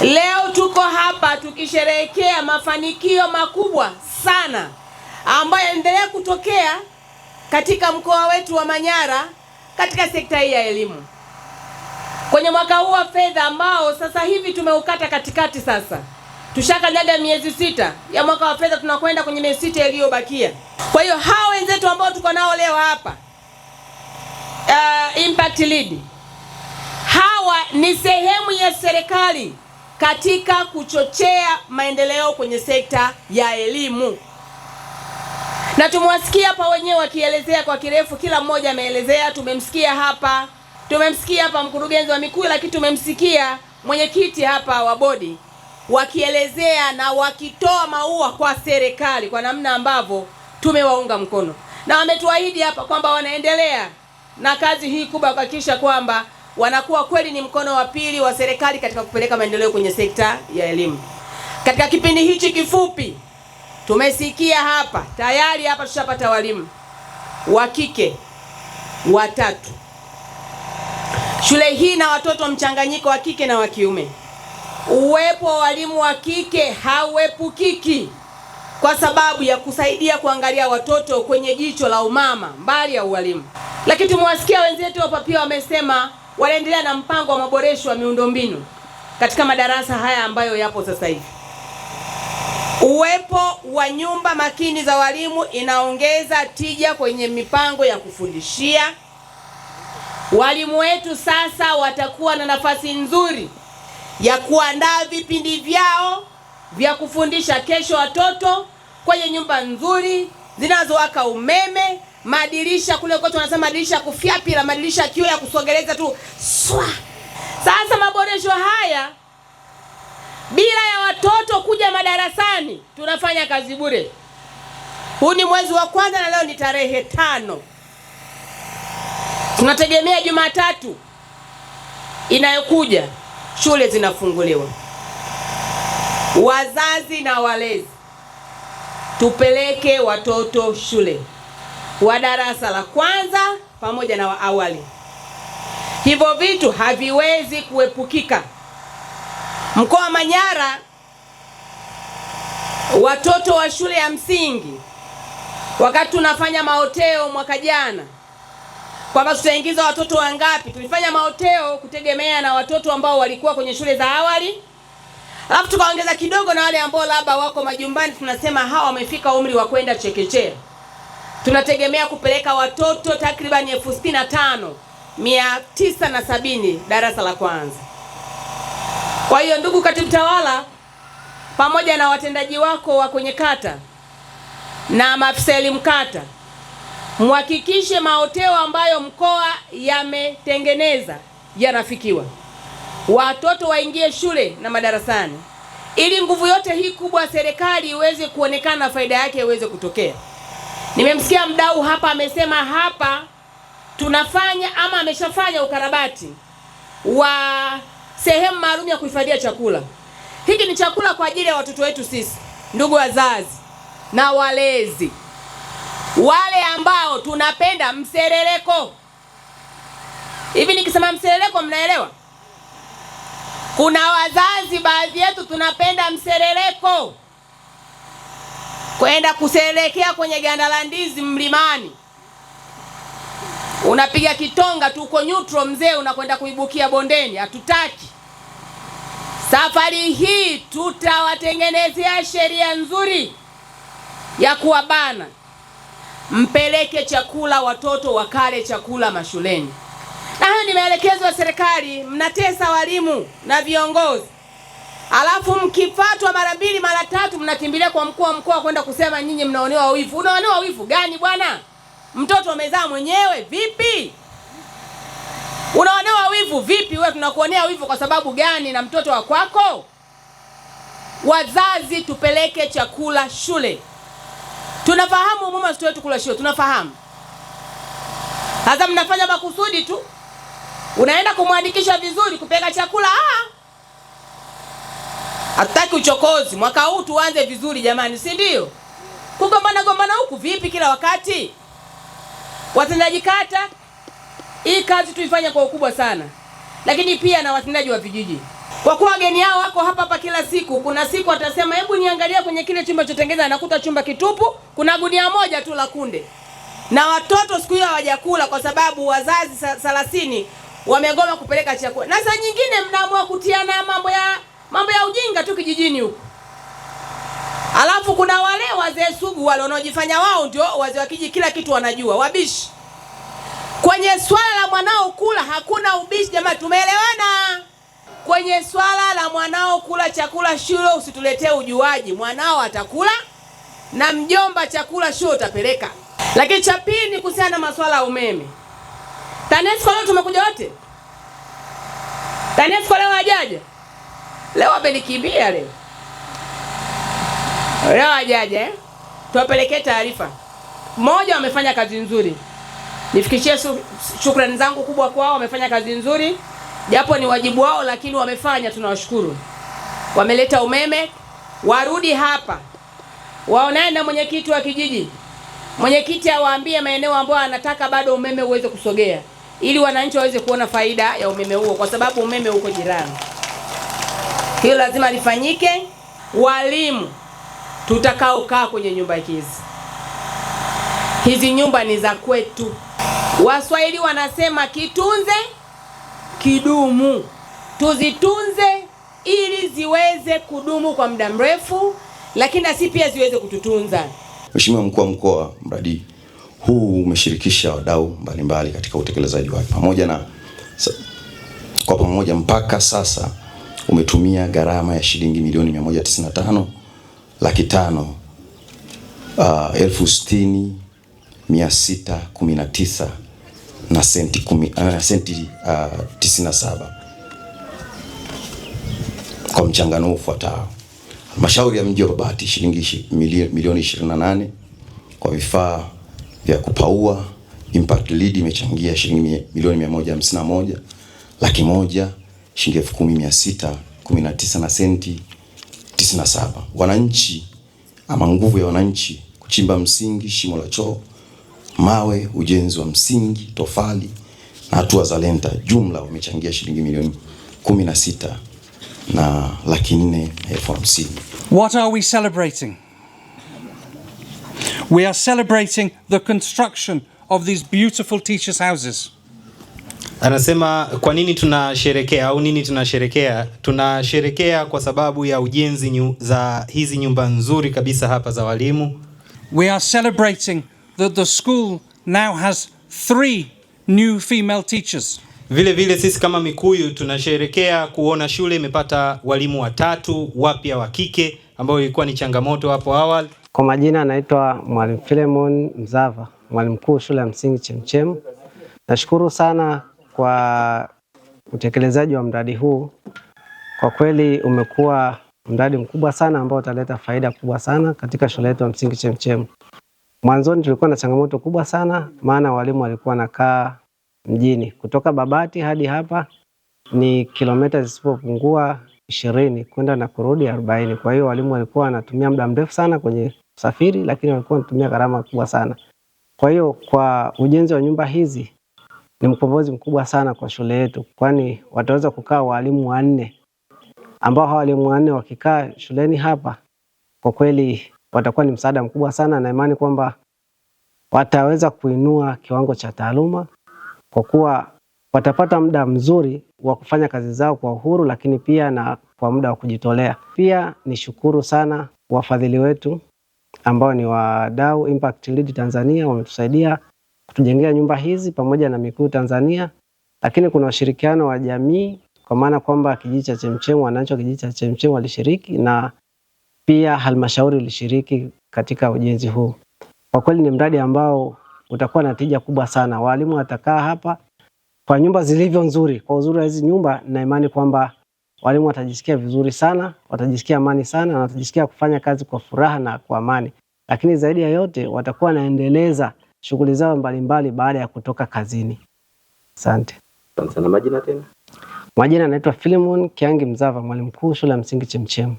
Leo tuko hapa tukisherehekea mafanikio makubwa sana ambayo yanaendelea kutokea katika mkoa wetu wa Manyara katika sekta hii ya elimu kwenye mwaka huu wa fedha ambao sasa hivi tumeukata katikati. Sasa tushakanyaga miezi sita ya mwaka wa fedha, tunakwenda kwenye miezi sita iliyobakia. Kwa hiyo hawa wenzetu ambao tuko nao leo hapa uh, Impact Lead hawa ni sehemu ya serikali katika kuchochea maendeleo kwenye sekta ya elimu, na tumewasikia hapa wenyewe wakielezea kwa kirefu, kila mmoja ameelezea. Tumemsikia hapa, tumemsikia hapa mkurugenzi wa mikuu lakini tumemsikia mwenyekiti hapa wa bodi wakielezea na wakitoa maua kwa serikali kwa namna ambavyo tumewaunga mkono, na wametuahidi hapa kwamba wanaendelea na kazi hii kubwa kuhakikisha kwamba wanakuwa kweli ni mkono wa pili wa serikali katika kupeleka maendeleo kwenye sekta ya elimu. Katika kipindi hichi kifupi tumesikia hapa tayari, hapa tushapata walimu wa kike watatu shule hii na watoto mchanganyiko wa kike na wa kiume. Uwepo wa walimu wa kike hauepukiki kwa sababu ya kusaidia kuangalia watoto kwenye jicho la umama mbali ya ualimu. Lakini tumewasikia wenzetu hapa pia wamesema wanaendelea na mpango wa maboresho wa miundombinu katika madarasa haya ambayo yapo sasa hivi. Uwepo wa nyumba makini za walimu inaongeza tija kwenye mipango ya kufundishia. Walimu wetu sasa watakuwa na nafasi nzuri ya kuandaa vipindi vyao vya kufundisha kesho watoto kwenye nyumba nzuri zinazowaka umeme madirisha kule kote wanasema madirisha ya kufyapila, madirisha kioo ya kusogeleza tu swa. Sasa maboresho haya bila ya watoto kuja madarasani tunafanya kazi bure. Huu ni mwezi wa kwanza na leo ni tarehe tano. Tunategemea Jumatatu inayokuja shule zinafunguliwa. Wazazi na walezi, tupeleke watoto shule wa darasa la kwanza pamoja na wa awali. Hivyo vitu haviwezi kuepukika. Mkoa wa Manyara, watoto wa shule ya msingi, wakati tunafanya maoteo mwaka jana kwamba tutaingiza watoto wangapi, tulifanya maoteo kutegemea na watoto ambao walikuwa kwenye shule za awali, alafu tukaongeza kidogo na wale ambao labda wako majumbani, tunasema hawa wamefika umri wa kwenda chekechea. Tunategemea kupeleka watoto takriban elfu sitini na tano mia tisa na sabini darasa la kwanza. Kwa hiyo ndugu katibu tawala, pamoja na watendaji wako wa kwenye kata na maafisa elimu kata, mhakikishe mahoteo ambayo mkoa yametengeneza yanafikiwa, watoto waingie shule na madarasani, ili nguvu yote hii kubwa serikali iweze kuonekana, faida yake iweze kutokea. Nimemsikia mdau hapa amesema hapa tunafanya ama ameshafanya ukarabati wa sehemu maalum ya kuhifadhia chakula. Hiki ni chakula kwa ajili ya watoto wetu sisi, ndugu wazazi na walezi, wale ambao tunapenda mserereko. Hivi nikisema mserereko, mnaelewa? Kuna wazazi baadhi yetu tunapenda mserereko kwenda kuselekea kwenye ganda la ndizi mlimani, unapiga kitonga tu, uko neutral mzee, unakwenda kuibukia bondeni. Hatutaki. Safari hii tutawatengenezea sheria nzuri ya kuwabana. Mpeleke chakula watoto wakale chakula mashuleni, na hayo ni maelekezo ya serikali. Mnatesa walimu na viongozi, alafu mkifatwa mara mbili mnakimbilia kwa mkuu wa mkoa kwenda kusema nyinyi mnaonewa wivu. Unaonewa wivu gani bwana? Mtoto amezaa mwenyewe vipi? Unaonewa wivu vipi? Wewe tunakuonea wivu kwa sababu gani? na mtoto wa kwako? Wazazi, tupeleke chakula shule. Tunafahamu umuhimu wa watoto wetu kula shule, tunafahamu sasa. Mnafanya makusudi tu, unaenda kumwandikisha vizuri kupeleka chakula. Aa! Ah, Hatutaki uchokozi. Mwaka huu tuanze vizuri jamani, si ndio? Kugombana gombana huku vipi kila wakati? Watendaji kata, hii kazi tuifanya kwa ukubwa sana, lakini pia na watendaji wa vijiji, kwa kuwa wageni hao wako hapa hapa kila siku. Kuna siku atasema hebu niangalia kwenye kile chumba chotengeza, anakuta chumba kitupu, kuna gunia moja tu la kunde, na watoto siku hiyo hawajakula kwa sababu wazazi 30 wamegoma kupeleka chakula, na saa nyingine mnaamua kutiana mambo ya mambo ya ujinga tu kijijini huko. Alafu kuna wale wazee sugu wale wanaojifanya wao ndio wazee wa kijiji, kila kitu wanajua, wabishi. Kwenye swala la mwanao kula hakuna ubishi, jamaa, tumeelewana. Kwenye swala la mwanao kula chakula shule usituletee ujuaji, mwanao atakula na mjomba chakula shule utapeleka. Lakini cha pili ni kuhusiana na masuala ya umeme. TANESCO leo tumekuja wote, TANESCO leo hajaja Leo amenikimbia leo. Leo ajaje? Eh? Tuwapelekee taarifa. Mmoja, wamefanya kazi nzuri, nifikishie shukrani zangu kubwa kwao. Wamefanya kazi nzuri, japo ni wajibu wao, lakini wamefanya, tunawashukuru. Wameleta umeme, warudi hapa waonane na mwenyekiti wa kijiji. Mwenyekiti awaambie maeneo ambayo anataka bado umeme uweze kusogea, ili wananchi waweze kuona faida ya umeme huo, kwa sababu umeme uko jirani. Hilo lazima lifanyike. Walimu tutakaokaa kwenye nyumba hizi, hizi nyumba ni za kwetu. Waswahili wanasema kitunze kidumu, tuzitunze ili ziweze kudumu kwa muda mrefu, lakini na si pia ziweze kututunza. Mheshimiwa Mkuu wa Mkoa, mradi huu umeshirikisha wadau mbalimbali katika utekelezaji wake pamoja na kwa pamoja mpaka sasa umetumia gharama ya shilingi milioni 195 laki tano uh, elfu sitini mia sita kumi na tisa na senti kumi, uh, senti uh, tisini na saba kwa mchanganuo ufuatao: halmashauri ya mji wa Babati shilingi milioni 28 kwa vifaa vya kupaua. Impact Lead imechangia shilingi milioni 151 laki moja shilingi 1619 na senti 97. Wananchi ama nguvu ya wananchi kuchimba msingi, shimo la choo, mawe, ujenzi wa msingi, tofali na hatua za lenta, jumla wamechangia shilingi milioni 16 na laki nne elfu hamsini. What are we celebrating? We are celebrating the construction of these beautiful teachers' houses. Anasema kwa nini tunasherekea au nini tunasherekea? Tunasherekea kwa sababu ya ujenzi nyu, za hizi nyumba nzuri kabisa hapa za walimu. We are celebrating that the school now has three new female teachers. Vile vile sisi kama Mikuyu tunasherekea kuona shule imepata walimu watatu wapya wa kike ambao ilikuwa ni changamoto hapo awali. Kwa majina anaitwa Mwalimu Filemon Mzava, mwalimu mkuu shule ya msingi Chemchem. Nashukuru sana kwa utekelezaji wa mradi huu. Kwa kweli umekuwa mradi mkubwa sana ambao utaleta faida kubwa sana katika shule yetu ya msingi Chemchem. Mwanzoni tulikuwa na changamoto kubwa sana, maana walimu walikuwa nakaa mjini, kutoka Babati hadi hapa ni kilomita zisipopungua ishirini kwenda na kurudi arobaini. Kwa hiyo walimu walikuwa wanatumia muda mrefu sana kwenye usafiri, lakini walikuwa wanatumia gharama kubwa sana. Kwa hiyo kwa ujenzi wa nyumba hizi ni mkombozi mkubwa sana kwa shule yetu, kwani wataweza kukaa walimu wanne ambao hawa walimu wanne wakikaa shuleni hapa, kwa kweli watakuwa ni msaada mkubwa sana, na imani kwamba wataweza kuinua kiwango cha taaluma kwa kuwa watapata muda mzuri wa kufanya kazi zao kwa uhuru, lakini pia na kwa muda wa kujitolea. Pia ni shukuru sana wafadhili wetu ambao ni wadau Impact Lead Tanzania wametusaidia kutujengea nyumba hizi pamoja na Mikuu Tanzania, lakini kuna ushirikiano wa jamii kwa maana kwamba kijiji cha Chemchem, wananchi wa kijiji cha Chemchem walishiriki na pia halmashauri ilishiriki katika ujenzi huu. Kwa kweli ni mradi ambao utakuwa na tija kubwa sana. Walimu watakaa hapa kwa nyumba zilivyo nzuri, kwa uzuri wa hizi nyumba, na imani kwamba walimu watajisikia vizuri sana, watajisikia amani sana, na watajisikia kufanya kazi kwa furaha na kwa amani, lakini zaidi ya yote watakuwa wanaendeleza shughuli zao mbalimbali baada ya kutoka kazini. Asante sana. Majina tena, majina anaitwa Filimon Kiangi Mzava, mwalimu mkuu shule ya msingi Chemchemu.